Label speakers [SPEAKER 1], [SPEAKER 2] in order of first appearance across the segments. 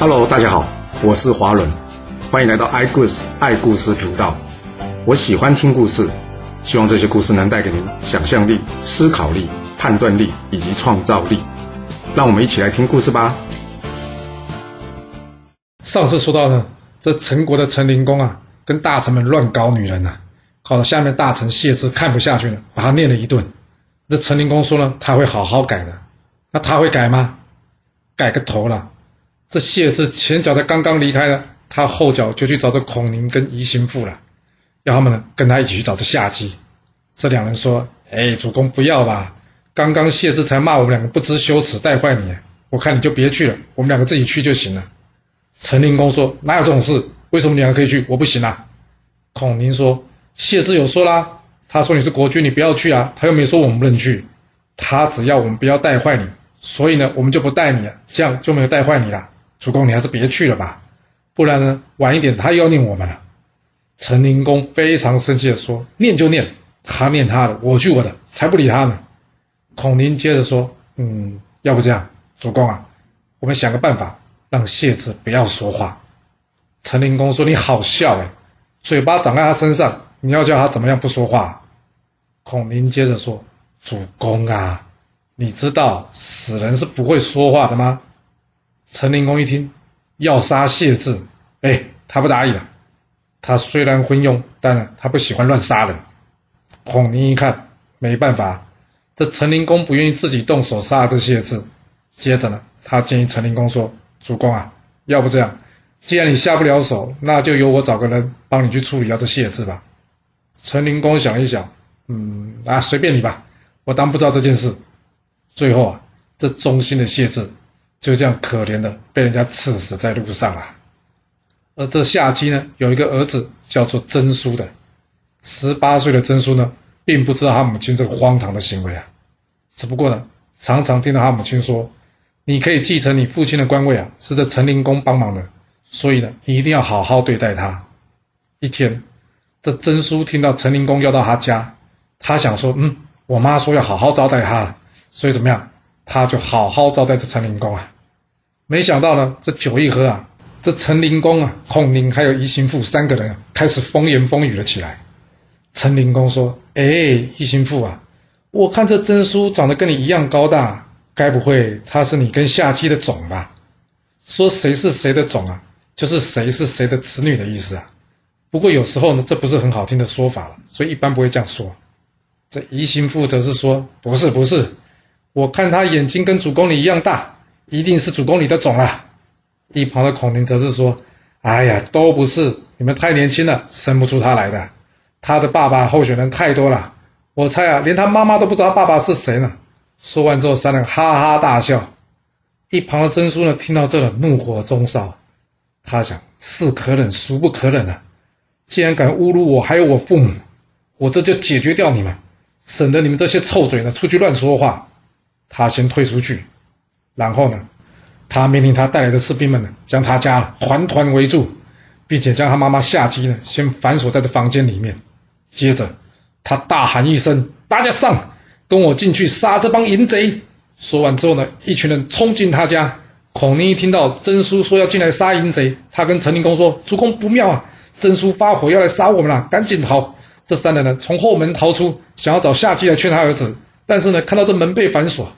[SPEAKER 1] Hello，大家好，我是華倫，歡迎來到 iGoose 愛故事頻道。我喜歡聽故事，希望這些故事能帶給您想象力、思考力、判斷力以及創造力。讓我們一起來聽故事吧。上次說到呢，這陳國的陳靈公啊，跟大臣們亂搞女人吶、啊，搞得，下面大臣謝氏看不下去了，把他念了一頓。這陳靈公說呢，他會好好改的。那他會改嗎？改個頭了。這謝志前腳才剛剛離開呢，他後腳就去找這孔寧跟儀行父了，要他們呢跟他一起去找這夏姬。這兩人說：“哎，主公不要吧，剛剛謝志才罵我們兩個不知羞恥，帶壞你，我看你就別去了，我們兩個自己去就行了。”陳靈公說：“哪有這種事？為什麼你兩個可以去，我不行啊？”孔寧說：“謝志有說啦，他說你是國君，你不要去啊，他又沒說我們不能去，他只要我們不要帶壞你，所以呢，我們就不帶你了，這樣就沒有帶壞你了。”主公，你還是別去了吧，不然呢，晚一點他又要念我們了。陳靈公非常生氣地說：“念就念，他念他的，我去我的，才不理他呢。”孔寧接着說：“嗯，要不這樣，主公啊，我們想個辦法，讓洩冶不要說話。”陳靈公說：“你好笑哎，嘴巴長在他身上，你要叫他怎麼樣不說話？”孔寧接着說：“主公啊，你知道死人是不會說話的嗎？”陳靈公一聽要殺謝字哎，他不答應了。他雖然昏庸，但是他不喜歡亂殺人。孔寧一看沒辦法，這陳靈公不願意自己動手殺這謝字。接着呢，他建議陳靈公說：“主公啊，要不這樣，既然你下不了手，那就由我找個人幫你去處理掉這謝字吧。”陳靈公想一想，嗯，啊，隨便你吧，我當不知道這件事。最後啊，這忠心的謝字就這樣可憐的被人家刺死在路上啊，而這夏姬呢，有一個兒子叫做徵舒的，十八歲的徵舒呢，並不知道他母親這個荒唐的行為啊。只不過呢，常常聽到他母親說：“你可以繼承你父親的官位啊，是這陳靈公幫忙的，所以呢，你一定要好好對待他。”一天，這徵舒聽到陳靈公要到他家，他想說：“嗯，我媽說要好好招待他，所以怎麼樣？”他就好好招待這陳靈公啊，沒想到呢，這酒一喝啊，這陳靈公啊、孔寧還有儀行父三個人、啊、開始風言風語了起來。陳靈公說：“哎、欸，儀行父啊，我看這徵舒長得跟你一樣高大，該不會他是你跟夏姬的種吧？”說誰是誰的種啊，就是誰是誰的子女的意思啊。不過有時候呢，這不是很好聽的說法了，所以一般不會這樣說。這儀行父則是說：“不是，不是。”我看他眼睛跟主公你一樣大，一定是主公裡的種啊！一旁的孔寧則是說：“哎呀，都不是，你們太年輕了，生不出他來的。他的爸爸候選人太多了，我猜啊，連他媽媽都不知道爸爸是誰呢。”說完之後，三人哈哈大笑。一旁的徵舒呢，聽到這了，怒火中燒，他想：是可忍，孰不可忍啊！竟然敢侮辱我，還有我父母，我這就解決掉你們，省得你們這些臭嘴呢出去亂說話。他先退出去，然後呢，他命令他帶來的士兵們呢，將他家團團圍住，並且將他媽媽夏姬呢，先反鎖在這房間裡面。接着，他大喊一聲：“大家上，跟我進去殺這幫淫賊！”說完之後呢，一群人衝進他家。孔寧一聽到徵舒說要進來殺淫賊，他跟陳靈公說：“主公不妙啊，徵舒發火要來殺我們了啊，趕緊逃！”這三人呢，從後門逃出，想要找夏姬來勸他兒子，但是呢，看到這門被反鎖。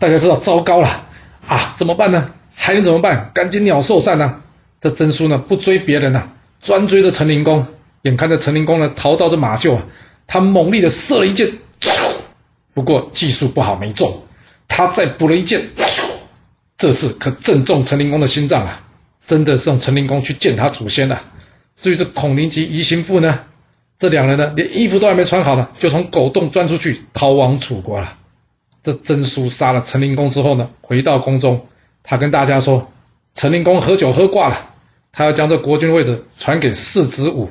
[SPEAKER 1] 大家知道，糟糕了啊！怎麼辦呢？還能怎麼辦？趕緊鳥獸散吶、啊！這徵舒呢，不追別人吶、啊，專追着陳靈公。眼看着陳靈公呢，逃到這馬厩啊，他猛力的射了一箭，不過技術不好沒中。他再補了一箭，這次可正中陳靈公的心臟啊！真的送陳靈公去見他祖先了、啊。至於這孔寧及、儀行父呢，這兩人呢，連衣服都還沒穿好呢，就從狗洞鑽出去，逃亡楚國了。這徵舒殺了陳靈公之後呢，回到宮中，他跟大家說：“陳靈公喝酒喝掛了，他要將這國君的位置傳給世子武，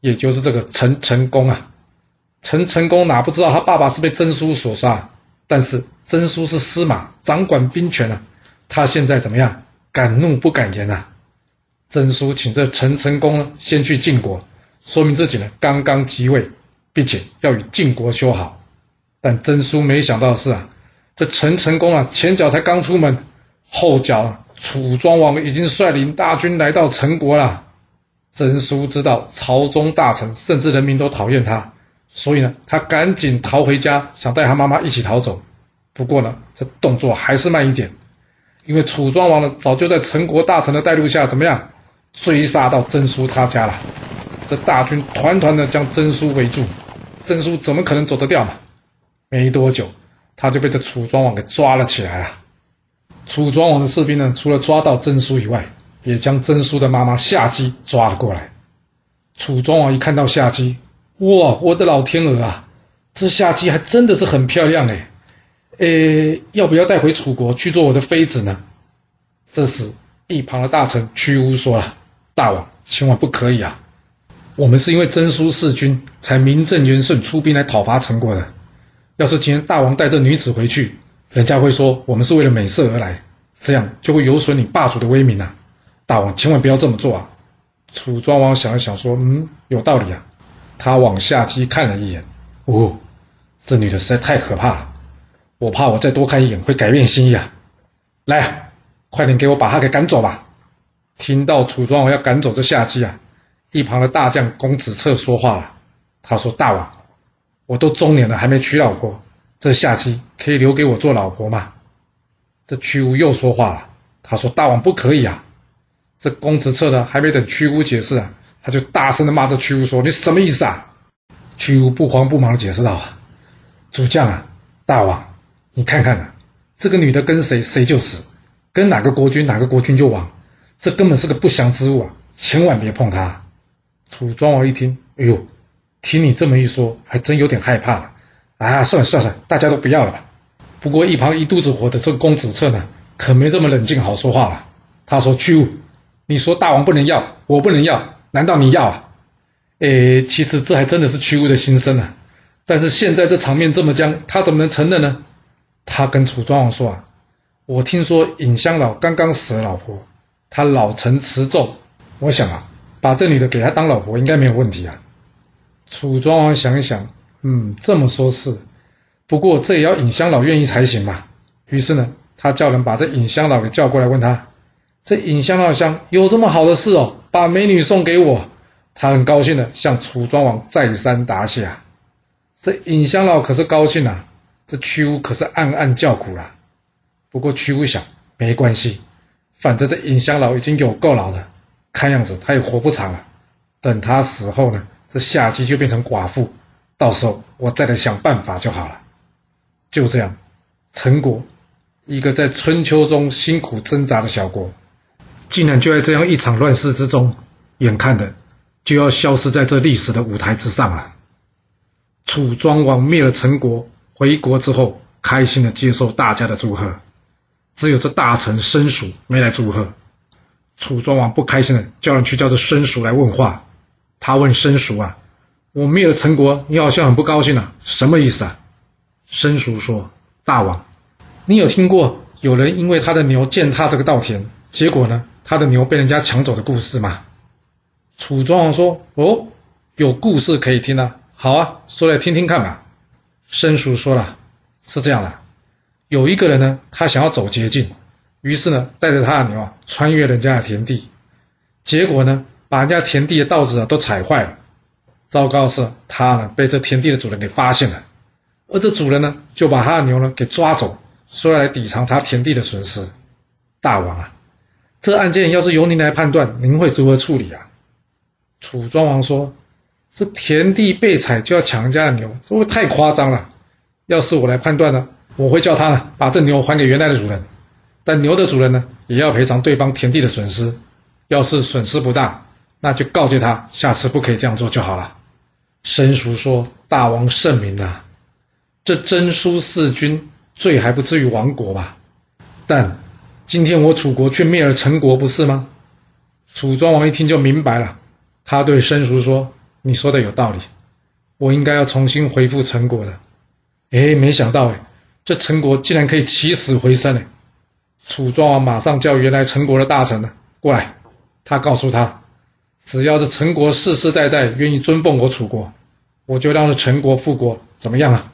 [SPEAKER 1] 也就是這個陳成公啊。”陳陳成公哪不知道他爸爸是被徵舒所殺，但是徵舒是司馬，掌管兵權啊，他現在怎麼樣？敢怒不敢言吶、啊。徵舒請這陳成公先去晉國，說明自己呢剛剛即位，並且要與晉國修好，但徵舒沒想到的是啊。這陳成公啊，前腳才剛出門，後腳啊，楚莊王已經率領大軍來到陳國了。徵舒知道朝中大臣甚至人民都討厭他，所以呢，他趕緊逃回家，想帶他媽媽一起逃走。不過呢，這動作還是慢一點，因為楚莊王呢，早就在陳國大臣的帶路下，怎麼樣追殺到徵舒他家了。這大軍團團的將徵舒圍住，徵舒怎麼可能走得掉嘛？沒多久。他就被這楚莊王給抓了起來了。楚莊王的士兵呢，除了抓到徵舒以外，也將徵舒的媽媽夏姬抓了過來。楚莊王一看到夏姬，哇，我的老天鵝啊，這夏姬還真的是很漂亮哎、欸，要不要帶回楚國去做我的妃子呢？這時，一旁的大臣屈巫說了：“大王，千萬不可以啊！我們是因為徵舒弒君，才名正言順出兵來討伐陳國的。”要是今天大王帶着女子回去，人家會說我們是為了美色而來，這樣就會有損你霸主的威名啊。大王千萬不要這麼做啊！楚莊王想了想，說：“嗯，有道理啊。”他往夏姬看了一眼，哦，這女的實在太可怕了，我怕我再多看一眼會改變心意啊！來，快點給我把她給趕走吧！聽到楚莊王要趕走這夏姬啊，一旁的大將公子側說話了，他說：“大王。”我都中年了，還沒娶老婆，這下妻可以留給我做老婆嗎？這屈巫又說話了，他說：“大王不可以啊！”這公子策呢，還沒等屈巫解釋啊，他就大聲的罵着屈巫說：“你什麼意思啊？”屈巫不慌不忙的解釋道：“啊，主將啊，大王，你看看啊，這個女的跟誰，誰就死；跟哪個國君，哪個國君就亡。這根本是個不祥之物啊，千萬別碰她啊。”楚莊王一聽，哎呦。聽你這麼一說，還真有點害怕了，啊，算了算了，大家都不要了吧。不過一旁一肚子火的這個公子側呢，可沒這麼冷靜好說話了。他說：“屈巫，你說大王不能要，我不能要，難道你要啊？”哎，其實這還真的是屈巫的心聲啊。但是現在這場面這麼僵，他怎麼能承認呢？他跟楚莊王說啊：“我聽說尹襄老剛剛死了老婆，他老成持重，我想啊，把這女的給他當老婆應該沒有問題啊。”楚莊王想一想，嗯，這麼說是，不過這也要尹襄老願意才行嘛。於是呢，他叫人把這尹襄老給叫過來，問他：這尹襄老想有這麼好的事哦，把美女送給我？他很高興的向楚莊王再三答謝。啊，這尹襄老可是高興啊，這屈巫可是暗暗叫苦啦、啊。不過屈巫想，沒關係，反正這尹襄老已經有夠老了，看樣子他也活不長了。等他死後呢？這下妻就變成寡婦，到時候我再來想辦法就好了。就這樣，陳國一個在春秋中辛苦掙扎的小國，竟然就在這樣一場亂世之中，眼看著就要消失在這歷史的舞台之上了。楚莊王滅了陳國，回國之後，開心的接受大家的祝賀，只有這大臣申叔沒來祝賀。楚莊王不開心的叫人去叫這申叔來問話。他問申叔啊：“我滅了陳國，你好像很不高興啊，什麼意思啊？”申叔說：“大王，你有聽過有人因為他的牛踐踏這個稻田，結果呢，他的牛被人家搶走的故事嗎？”楚莊王說：“哦，有故事可以聽啊，好啊，說來聽聽看吧。”申叔說了：“是這樣的，有一個人呢，他想要走捷徑，於是呢，帶着他的牛啊，穿越人家的田地，結果呢。”把人家田地的稻子啊都踩壞了，糟糕是，他呢被這田地的主人給發現了，而這主人呢就把他的牛呢給抓走，說要來，來抵償他田地的損失。大王啊，這案件要是由您來判斷，您會如何處理啊？楚莊王說：“這田地被踩就要搶人家的牛，這不是太誇張了！要是我來判斷呢，我會叫他呢把這牛還給原來的主人，但牛的主人呢也要賠償對方田地的損失。要是損失不大，”那就告誡他下次不可以這樣做就好了。申叔說：“大王聖明啊，這徵舒弒君，罪還不至於亡國吧？但今天我楚國卻滅了陳國，不是嗎？”楚莊王一聽就明白了，他對申叔說：“你說的有道理，我應該要重新恢復陳國的。”哎，沒想到哎，這陳國竟然可以起死回生哎！楚莊王馬上叫原來陳國的大臣呢過來，他告訴他。只要是陳國世世代代願意尊奉我楚國，我就讓這陳國復國，怎麼樣啊？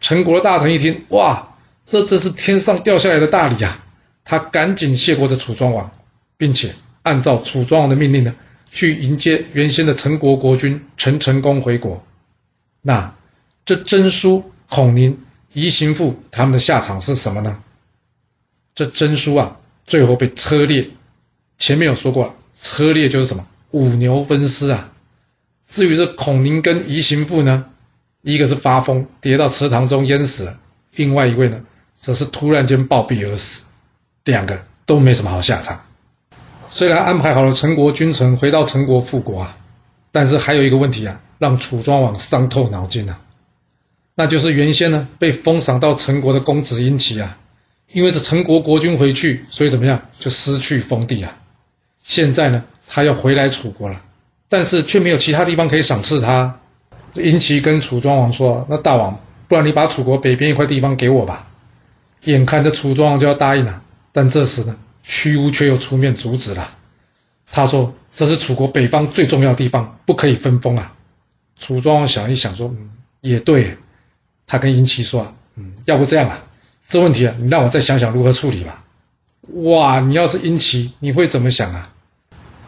[SPEAKER 1] 陳國的大臣一聽，哇，這真是天上掉下來的大禮呀、啊！他趕緊謝過這楚莊王，並且按照楚莊王的命令呢，去迎接原先的陳國國君陳成，成公回國。那這徵舒、孔寧、儀行父他們的下場是什麼呢？這徵舒啊，最後被車裂，前面有說過了。車裂就是什麼五牛分屍啊。至於這孔寧跟儀行父呢，一個是發瘋跌到池塘中淹死了，另外一位呢，則是突然間暴斃而死，兩個都沒什麼好下場。雖然安排好了陳國君臣回到陳國復國啊，但是還有一個問題啊，讓楚莊王傷透腦筋了啊，那就是原先呢被封賞到陳國的公子嬰齊啊，因為這陳國國君回去，所以怎麼樣就失去封地啊？現在呢，他要回來楚國了，但是卻沒有其他地方可以賞賜他。殷奇跟楚莊王說：“那大王，不然你把楚國北邊一塊地方給我吧。”眼看着楚莊王就要答應了，但這時呢，屈巫卻又出面阻止了。他說：“這是楚國北方最重要的地方，不可以分封啊。”楚莊王想一想說：“嗯，也對。”他跟殷奇說：“嗯，要不這樣啊，這問題啊，你讓我再想想如何處理吧。”哇，你要是殷奇，你會怎麼想啊？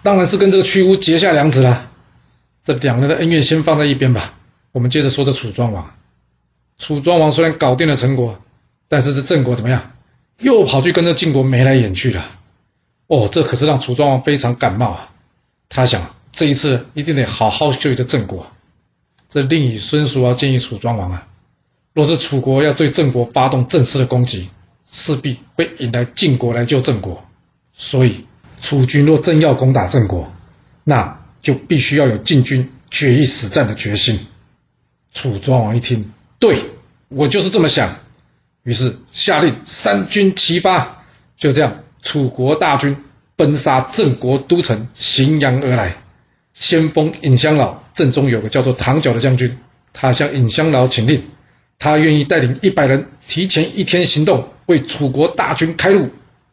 [SPEAKER 1] 當然是跟這個屈巫結下梁子了，這兩人的恩怨先放在一邊吧。我們接着說這楚莊王，楚莊王雖然搞定了陳國，但是這鄭國怎麼樣？又跑去跟這晉國眉來眼去了。哦，這可是讓楚莊王非常感冒啊！他想，這一次一定得好好修理這鄭國。這令尹孫叔敖建議楚莊王啊，若是楚國要對鄭國發動正式的攻擊，勢必會引來晉國來救鄭國，所以。楚軍若真要攻打鄭國，那就必須要有進軍決一死戰的決心。楚莊王一聽，對，我就是這麼想，於是下令三軍齊發。就這樣，楚國大軍奔殺鄭國都城滎陽而來。先鋒尹香老正中有個叫做唐狡的將軍，他向尹香老請令，他願意帶領一百人提前一天行動，為楚國大軍開路。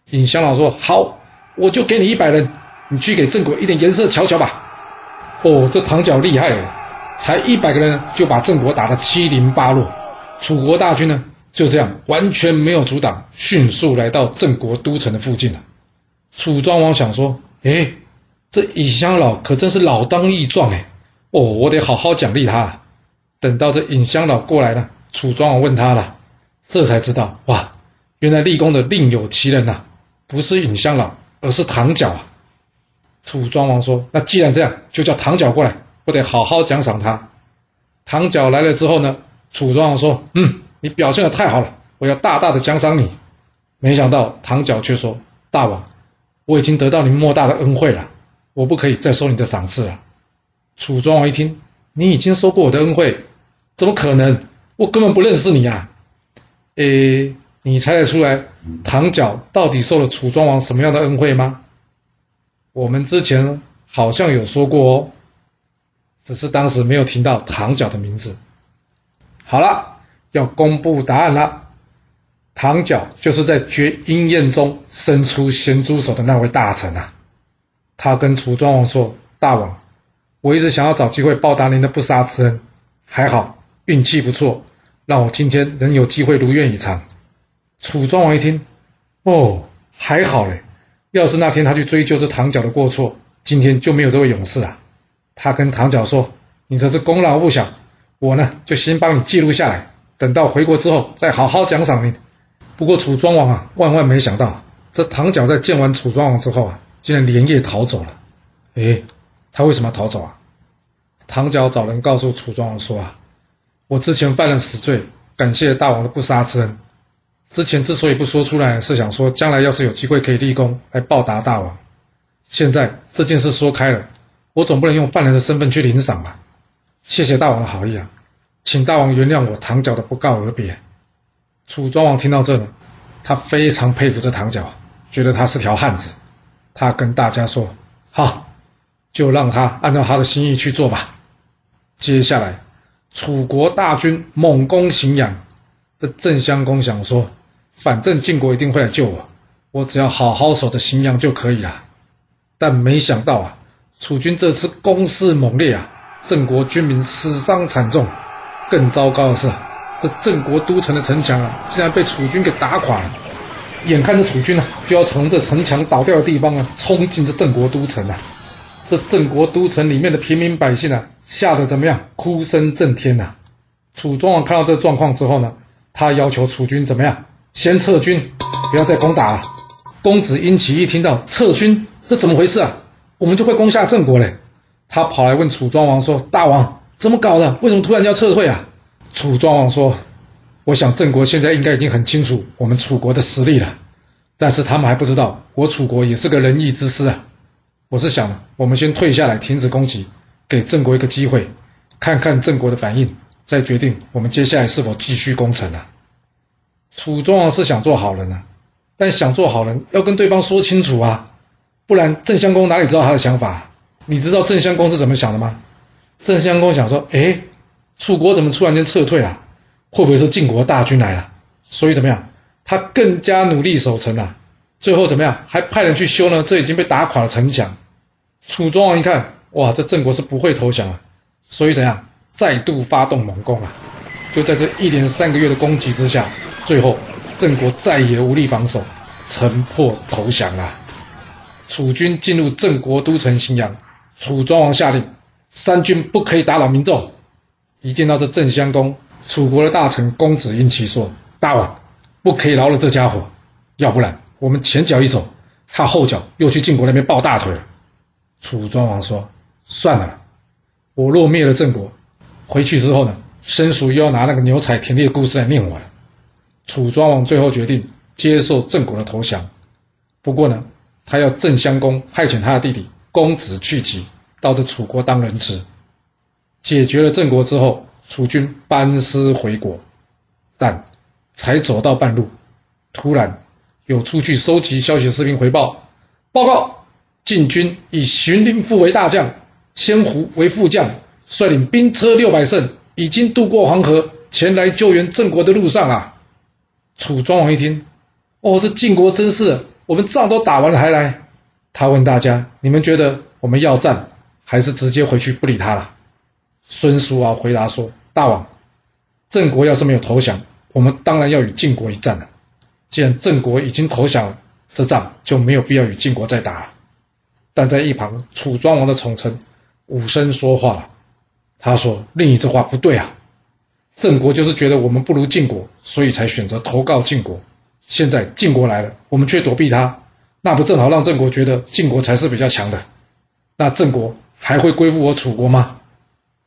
[SPEAKER 1] 尹香老說：“好。”我就給你一百人，你去給鄭國一點顏色瞧瞧吧。哦，這唐狡厲害誒，才一百個人就把鄭國打得七零八落。楚國大軍呢，就這樣完全沒有阻擋，迅速來到鄭國都城的附近了。楚莊王想說：“誒，這尹襄老可真是老當益壯誒。哦，我得好好獎勵他。”等到這尹襄老過來了，楚莊王問他了，這才知道哇，原來立功的另有其人吶、啊，不是尹襄老。而是唐狡啊！楚莊王說：“那既然這樣，就叫唐狡過來，我得好好獎賞他。”唐狡來了之後呢，楚莊王說：“嗯，你表現得太好了，我要大大的獎賞你。”沒想到唐狡卻說：“大王，我已經得到你莫大的恩惠了，我不可以再收你的賞賜了。”楚莊王一聽：“你已經收過我的恩惠，怎麼可能？我根本不認識你啊。”誒。你猜得出來，唐狡到底受了楚莊王什麼樣的恩惠嗎？我們之前好像有說過哦，只是當時沒有聽到唐狡的名字。好了，要公布答案了。唐狡就是在絕纓宴中伸出鹹豬手的那位大臣啊！他跟楚莊王說：“大王，我一直想要找機會報答您的不殺之恩，還好運氣不錯，讓我今天能有機會如願以償。”楚莊王一聽，哦，還好嘞。要是那天他去追究這唐狡的過錯，今天就沒有這位勇士了啊。他跟唐狡說：“你這次功勞不小，我呢，就先幫你記錄下來，等到回國之後再好好獎賞你。”不過楚莊王啊，萬萬沒想到，這唐狡在見完楚莊王之後啊，竟然連夜逃走了。誒，他為什麼要逃走啊？唐狡找人告訴楚莊王說：“啊，我之前犯了死罪，感謝大王的不殺之恩。”之前之所以不說出來，是想說將來要是有機會可以立功來報答大王。現在這件事說開了，我總不能用犯人的身份去領賞吧？謝謝大王的好意啊，請大王原諒我唐狡的不告而別。楚莊王聽到這呢，他非常佩服這唐狡，覺得他是條漢子。他跟大家說：“好，就讓他按照他的心意去做吧。”接下來，楚國大軍猛攻滎陽。這鄭襄公想說。反正晉國一定會來救我，我只要好好守着滎陽就可以了。但沒想到啊，楚軍這次攻勢猛烈啊，鄭國軍民死傷慘重。更糟糕的是，這鄭國都城的城牆啊，竟然被楚軍給打垮了。眼看着楚軍啊，就要從這城牆倒掉的地方啊，衝進這鄭國都城啊。這鄭國都城裡面的平民百姓啊，嚇得怎麼樣？哭聲震天吶、啊。楚莊王看到這狀況之後呢，他要求楚軍怎麼樣？先撤軍，不要再攻打了。公子嬰齊一聽到撤軍，這怎麼回事啊？我們就會攻下鄭國嘞。他跑來問楚莊王說：“大王怎麼搞的？為什麼突然要撤退啊？”楚莊王說：“我想鄭國現在應該已經很清楚我們楚國的實力了，但是他們還不知道我楚國也是個仁義之師啊。我是想，我們先退下來，停止攻擊，給鄭國一個機會，看看鄭國的反應，再決定我們接下來是否繼續攻城了、啊。”楚莊王是想做好人吶、啊，但想做好人要跟對方說清楚啊，不然鄭襄公哪裡知道他的想法、啊？你知道鄭襄公是怎麼想的嗎？鄭襄公想說：哎，楚國怎麼突然間撤退了、啊？會不會是晉國大軍來了？所以怎麼樣？他更加努力守城了、啊。最後怎麼樣？還派人去修呢？這已經被打垮了城牆。楚莊王一看，哇，這鄭國是不會投降了、啊，所以怎樣？再度發動猛攻啊！就在這一連三個月的攻擊之下，最後鄭國再也無力防守，城破投降了。楚軍進入鄭國都城滎陽，楚莊王下令，三軍不可以打擾民眾。一見到這鄭襄公，楚國的大臣公子嬰齊說：“大王，不可以饒了這家伙，要不然我們前腳一走，他後腳又去晉國那邊抱大腿了。”楚莊王說：“算了了，我若滅了鄭國，回去之後呢？”申叔又要拿那個牛踩田地的故事來念我了。楚莊王最後決定接受鄭國的投降，不過呢，他要鄭襄公派遣他的弟弟公子去疾到這楚國當人質。解決了鄭國之後，楚軍班師回國，但才走到半路，突然有出去收集消息的士兵回報：報告，晉軍以荀林父為大將，先縠為副將，率領兵車六百乘。已經渡過黃河，前來救援鄭國的路上啊！楚莊王一聽，哦，這晉國真是我們仗都打完了還來。他問大家，你們覺得我們要戰，還是直接回去不理他了？孫叔敖，啊，回答說，大王，鄭國要是沒有投降，我們當然要與晉國一戰了。既然鄭國已經投降了，這仗就沒有必要與晉國再打了。但在一旁，楚莊王的寵臣武生說話了。他說：“另一只話不對啊，鄭國就是覺得我們不如晉國，所以才選擇投靠晉國。現在晉國來了，我們卻躲避他，那不正好讓鄭國覺得晉國才是比較強的？那鄭國還會歸附我楚國嗎？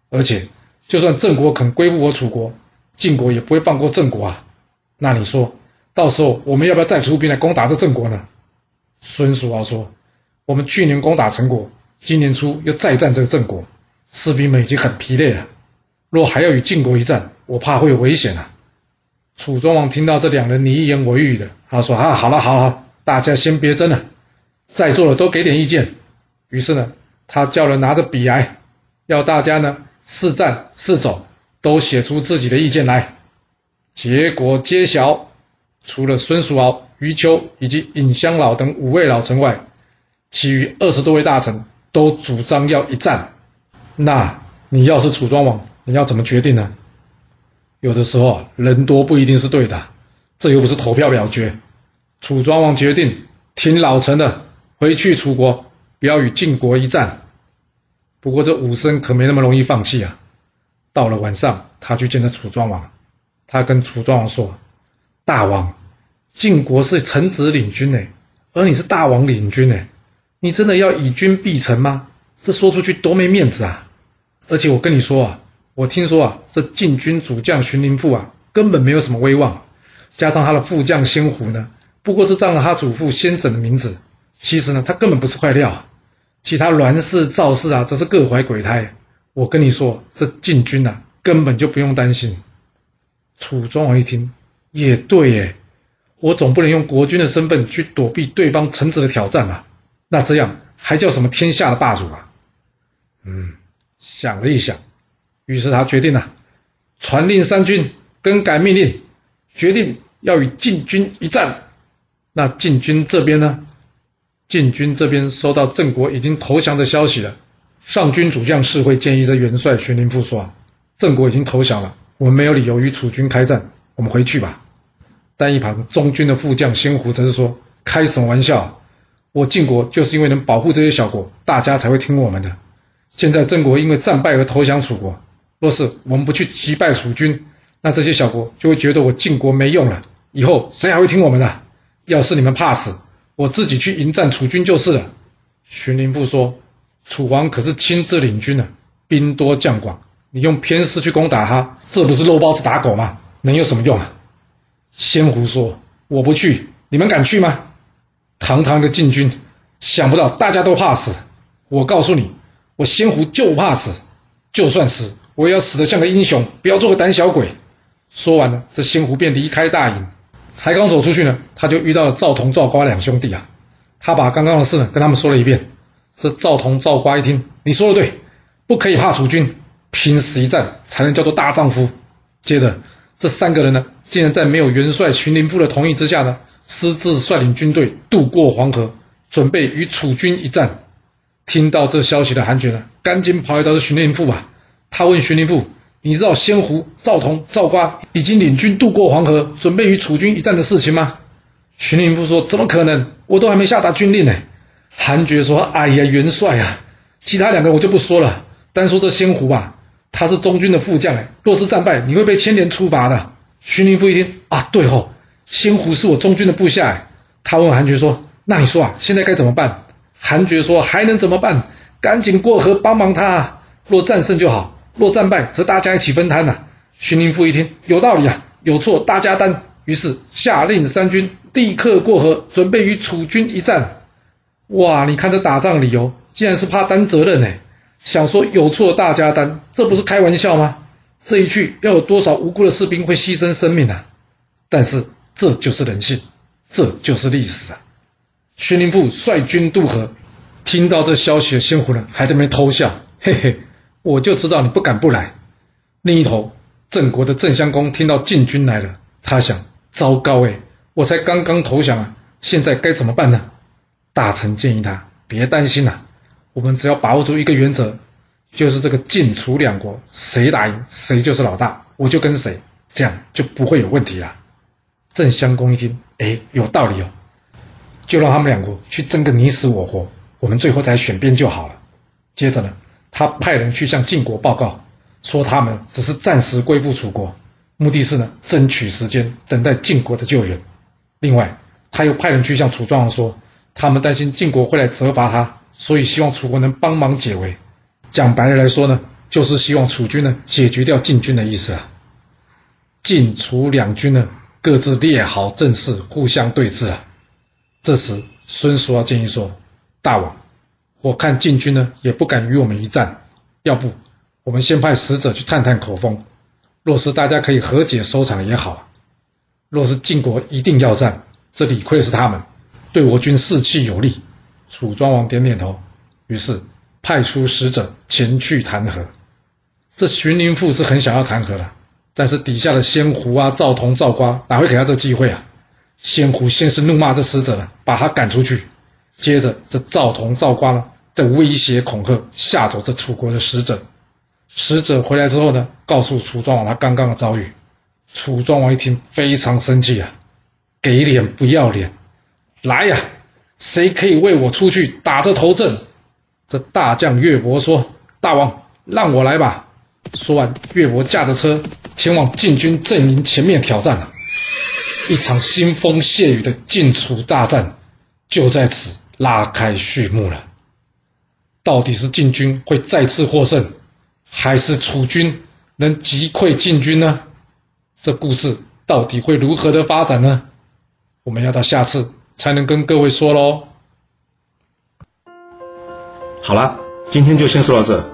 [SPEAKER 1] 而且，就算鄭國肯歸附我楚國，晉國也不會放過鄭國啊。那你說，到時候我們要不要再出兵來攻打這鄭國呢？”孫叔敖、啊、說：“我們去年攻打陳國，今年初又再戰這個鄭國。”士兵們已經很疲累了，若還要與晉國一戰，我怕會有危險啊！楚莊王聽到這兩人你一言我一語的，他說：“啊，好了好了，大家先別爭了，在座的都給點意見。”於是呢，他叫人拿着筆來，要大家呢是戰是走都寫出自己的意見來。結果揭曉，除了孫叔敖、余秋以及尹香老等五位老臣外，其餘二十多位大臣都主張要一戰。那，你要是楚莊王，你要怎麼決定呢？有的時候啊，人多不一定是對的，這又不是投票表決。楚莊王決定聽老臣的，回去楚國，不要與晉國一戰。不過這伍參可沒那麼容易放棄啊。到了晚上，他去見了楚莊王，他跟楚莊王說：“大王，晉國是臣子領軍呢，而你是大王領軍呢，你真的要以君避臣嗎？”這說出去多沒面子啊！而且我跟你說啊，我聽說啊，這晉軍主將荀林父啊，根本沒有什麼威望，加上他的副將先縠呢，不過是仗著他祖父先軫的名字，其實呢，他根本不是塊料。其他欒氏、趙氏啊，則是各懷鬼胎。我跟你說，這晉軍吶、啊，根本就不用擔心。楚莊王一聽，也對耶，我總不能用國君的身份去躲避對方臣子的挑戰啊，那這樣還叫什麼天下的霸主啊？嗯，想了一想，於是他決定了，傳令三軍更改命令，決定要與晉軍一戰。那晉軍這邊呢？晉軍這邊收到鄭國已經投降的消息了。上軍主將士會建議這元帥荀林父說：“鄭國已經投降了，我們沒有理由與楚軍開戰，我們回去吧。”但一旁中軍的副將先縠則是說：“開什麼玩笑？我晉國就是因為能保護這些小國，大家才會聽我們的。”現在鄭國因為戰敗而投降楚國，若是我們不去擊敗楚軍，那這些小國就會覺得我晉國沒用了，以後誰還會聽我們的啊？要是你們怕死，我自己去迎戰楚軍就是了。荀林父說：“楚王可是親自領軍的啊，兵多將廣，你用偏師去攻打他，這不是肉包子打狗嗎？能有什麼用啊？”先胡說，我不去，你們敢去嗎？堂堂的晉軍，想不到大家都怕死。我告訴你。我仙狐就怕死，就算死，我也要死得像個英雄，不要做個膽小鬼。說完了，這仙狐便離開大營，才剛走出去呢，他就遇到了趙同、趙瓜兩兄弟啊。他把剛剛的事呢跟他們說了一遍。這趙同、趙瓜一聽，你說的對，不可以怕楚軍，拼死一戰才能叫做大丈夫。接着，這三個人呢，竟然在沒有元帥荀林父的同意之下呢，私自率領軍隊渡過黃河，準備與楚軍一戰。聽到這消息的韓厥呢，趕緊跑回到這荀林父吧、啊。他問荀林父：“你知道先縠、趙同、趙括已經領軍渡過黃河，準備與楚軍一戰的事情嗎？”荀林父說：“怎麼可能？我都還沒下達軍令呢。”韓厥說：“哎呀，元帥呀、啊，其他兩個我就不說了，單說這先縠吧、啊，他是中軍的副將哎。若是戰敗，你會被牽連處罰的。”荀林父一聽啊，對哦，先縠是我中軍的部下哎。他問韓厥說：“那你說啊，現在該怎麼辦？”韓厥說：“還能怎麼辦？趕緊過河幫忙他。啊！若戰勝就好；若戰敗，則大家一起分攤吶、啊。”荀林父一聽，有道理啊，有錯大家擔。於是下令三軍立刻過河，準備與楚軍一戰。哇，你看這打仗理由，竟然是怕擔責任哎！想說有錯大家擔，這不是開玩笑嗎？這一去要有多少無辜的士兵會犧牲生命啊？但是這就是人性，這就是歷史啊！荀林父率軍渡河，聽到這消息，的先縠呢，還在那邊偷笑，嘿嘿，我就知道你不敢不來。另一頭，鄭國的鄭襄公聽到晉軍來了，他想：糟糕哎、欸，我才剛剛投降啊，現在該怎麼辦呢？大臣建議他別擔心了、啊，我們只要把握住一個原則，就是這個晉楚兩國誰打贏誰就是老大，我就跟誰，這樣就不會有問題了。鄭襄公一聽，哎，有道理哦。就讓他們兩國去爭個你死我活，我們最後才選邊就好了。接着呢，他派人去向晉國報告，說他們只是暫時歸附楚國，目的是呢，爭取時間，等待晉國的救援。另外，他又派人去向楚莊王說，他們擔心晉國會來責罰他，所以希望楚國能幫忙解圍。講白了來說呢，就是希望楚軍呢解決掉晉軍的意思啊。晉楚兩軍呢，各自列好陣勢，互相對峙了。這時，孫叔敖建議說：“大王，我看晉軍呢也不敢與我們一戰，要不我們先派使者去探探口風。若是大家可以和解收場也好；若是晉國一定要戰，這理虧是他們，對我軍士氣有利。”楚莊王點點頭，於是派出使者前去談和。這荀林父是很想要談和的，但是底下的先縠啊、趙同、趙瓜哪會給他這機會啊？先胡先是怒罵這使者，把他趕出去。接着，這趙同趙瓜呢，在威脅、恐嚇、嚇走這楚國的使者。使者回來之後呢，告訴楚莊王他剛剛的遭遇。楚莊王一聽非常生氣啊，給臉不要臉，來呀、啊，誰可以為我出去打這頭陣？這大將岳伯說：“大王讓我來吧。”說完，岳伯駕着車前往晉軍陣營前面挑戰了。一場腥風血雨的晉楚大戰就在此拉開序幕了。到底是晉軍會再次獲勝，還是楚軍能擊潰晉軍呢？這故事到底會如何的發展呢？我們要到下次才能跟各位說嘍。好了，今天就先說到這。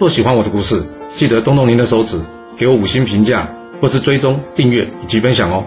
[SPEAKER 1] 若喜歡我的故事，記得動動您的手指，給我五星評價，或是追蹤、訂閱以及分享哦。